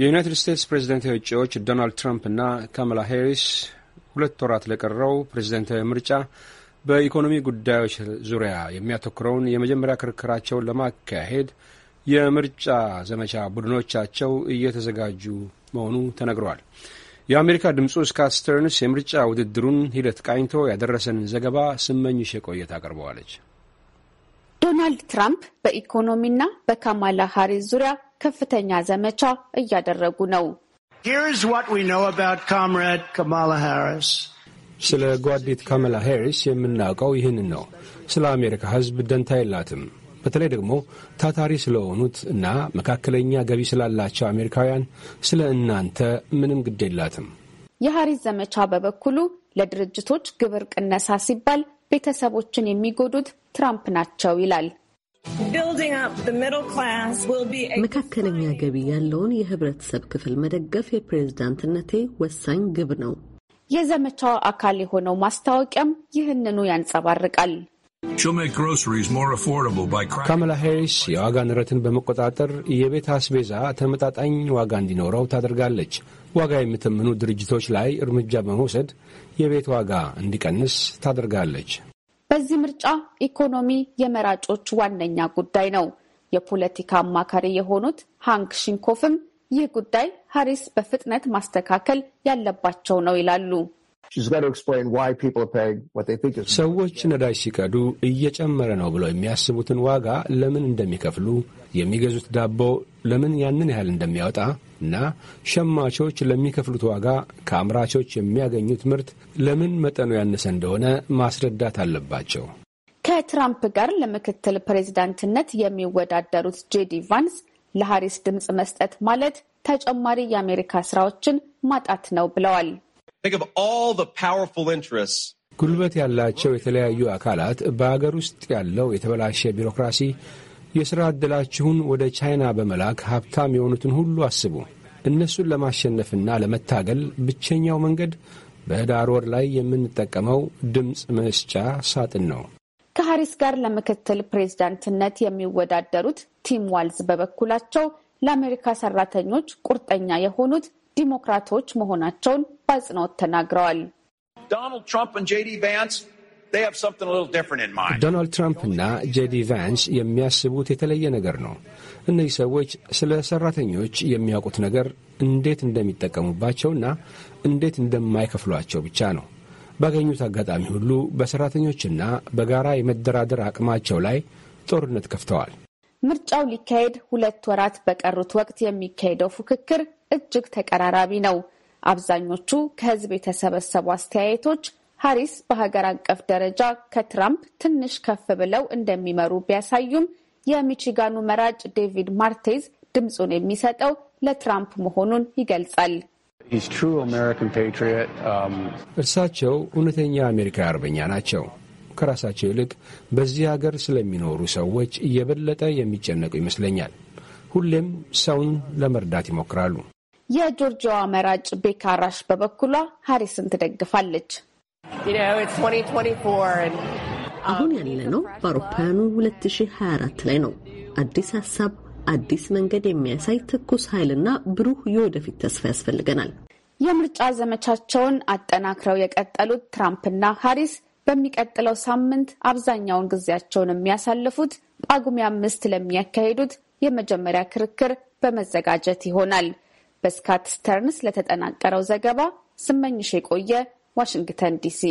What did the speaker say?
የዩናይትድ ስቴትስ ፕሬዝደንታዊ እጩዎች ዶናልድ ትራምፕና ካማላ ሄሪስ ሁለት ወራት ለቀረው ፕሬዝደንታዊ ምርጫ በኢኮኖሚ ጉዳዮች ዙሪያ የሚያተኩረውን የመጀመሪያ ክርክራቸውን ለማካሄድ የምርጫ ዘመቻ ቡድኖቻቸው እየተዘጋጁ መሆኑ ተነግሯል። የአሜሪካ ድምፁ ስካት ስተርንስ የምርጫ ውድድሩን ሂደት ቃኝቶ ያደረሰን ዘገባ ስመኝሽ የቆየት አቅርበዋለች። ዶናልድ ትራምፕ በኢኮኖሚና በካማላ ሀሪስ ዙሪያ ከፍተኛ ዘመቻ እያደረጉ ነው። ስለ ጓዴት ካማላ ሄሪስ የምናውቀው ይህንን ነው። ስለ አሜሪካ ሕዝብ ደንታ የላትም። በተለይ ደግሞ ታታሪ ስለሆኑት እና መካከለኛ ገቢ ስላላቸው አሜሪካውያን ስለ እናንተ ምንም ግድ የላትም። የሀሪስ ዘመቻ በበኩሉ ለድርጅቶች ግብር ቅነሳ ሲባል ቤተሰቦችን የሚጎዱት ትራምፕ ናቸው ይላል። መካከለኛ ገቢ ያለውን የህብረተሰብ ክፍል መደገፍ የፕሬዝዳንትነቴ ወሳኝ ግብ ነው። የዘመቻው አካል የሆነው ማስታወቂያም ይህንኑ ያንጸባርቃል። ካማላ ሄሪስ የዋጋ ንረትን በመቆጣጠር የቤት አስቤዛ ተመጣጣኝ ዋጋ እንዲኖረው ታደርጋለች። ዋጋ የምትምኑ ድርጅቶች ላይ እርምጃ በመውሰድ የቤት ዋጋ እንዲቀንስ ታደርጋለች። በዚህ ምርጫ ኢኮኖሚ የመራጮች ዋነኛ ጉዳይ ነው። የፖለቲካ አማካሪ የሆኑት ሃንክ ሽንኮፍም ይህ ጉዳይ ሀሪስ በፍጥነት ማስተካከል ያለባቸው ነው ይላሉ። ሰዎች ነዳጅ ሲቀዱ እየጨመረ ነው ብለው የሚያስቡትን ዋጋ ለምን እንደሚከፍሉ፣ የሚገዙት ዳቦ ለምን ያንን ያህል እንደሚያወጣ እና ሸማቾች ለሚከፍሉት ዋጋ ከአምራቾች የሚያገኙት ምርት ለምን መጠኑ ያነሰ እንደሆነ ማስረዳት አለባቸው። ከትራምፕ ጋር ለምክትል ፕሬዚዳንትነት የሚወዳደሩት ጄዲ ቫንስ ለሀሪስ ድምፅ መስጠት ማለት ተጨማሪ የአሜሪካ ስራዎችን ማጣት ነው ብለዋል። ጉልበት ያላቸው የተለያዩ አካላት በአገር ውስጥ ያለው የተበላሸ ቢሮክራሲ የሥራ ዕድላችሁን ወደ ቻይና በመላክ ሀብታም የሆኑትን ሁሉ አስቡ። እነሱን ለማሸነፍና ለመታገል ብቸኛው መንገድ በህዳር ወር ላይ የምንጠቀመው ድምፅ መስጫ ሳጥን ነው። ከሀሪስ ጋር ለምክትል ፕሬዝዳንትነት የሚወዳደሩት ቲም ዋልዝ በበኩላቸው ለአሜሪካ ሰራተኞች ቁርጠኛ የሆኑት ዲሞክራቶች መሆናቸውን በአጽንኦት ተናግረዋል። ዶናልድ ትራምፕ እና ጄዲ ቫንስ የሚያስቡት የተለየ ነገር ነው። እነዚህ ሰዎች ስለ ሰራተኞች የሚያውቁት ነገር እንዴት እንደሚጠቀሙባቸውና እንዴት እንደማይከፍሏቸው ብቻ ነው። ባገኙት አጋጣሚ ሁሉ በሰራተኞችና በጋራ የመደራደር አቅማቸው ላይ ጦርነት ከፍተዋል። ምርጫው ሊካሄድ ሁለት ወራት በቀሩት ወቅት የሚካሄደው ፉክክር እጅግ ተቀራራቢ ነው። አብዛኞቹ ከህዝብ የተሰበሰቡ አስተያየቶች ሀሪስ በሀገር አቀፍ ደረጃ ከትራምፕ ትንሽ ከፍ ብለው እንደሚመሩ ቢያሳዩም የሚቺጋኑ መራጭ ዴቪድ ማርቴዝ ድምፁን የሚሰጠው ለትራምፕ መሆኑን ይገልጻል። um, እርሳቸው እውነተኛ አሜሪካ አርበኛ ናቸው። ከራሳቸው ይልቅ በዚህ ሀገር ስለሚኖሩ ሰዎች እየበለጠ የሚጨነቁ ይመስለኛል። ሁሌም ሰውን ለመርዳት ይሞክራሉ። የጆርጂያዋ መራጭ ቤካ ራሽ በበኩሏ ሀሪስን ትደግፋለች። uh, አሁን ያለነው በአውሮፓውያኑ 2024 ላይ ነው። አዲስ ሀሳብ፣ አዲስ መንገድ የሚያሳይ ትኩስ ኃይልና ብሩህ የወደፊት ተስፋ ያስፈልገናል። የምርጫ ዘመቻቸውን አጠናክረው የቀጠሉት ትራምፕና ሀሪስ በሚቀጥለው ሳምንት አብዛኛውን ጊዜያቸውን የሚያሳልፉት ጳጉሜ አምስት ለሚያካሂዱት የመጀመሪያ ክርክር በመዘጋጀት ይሆናል። በስካት ስተርንስ ለተጠናቀረው ዘገባ ስመኝሽ የቆየ ዋሽንግተን ዲሲ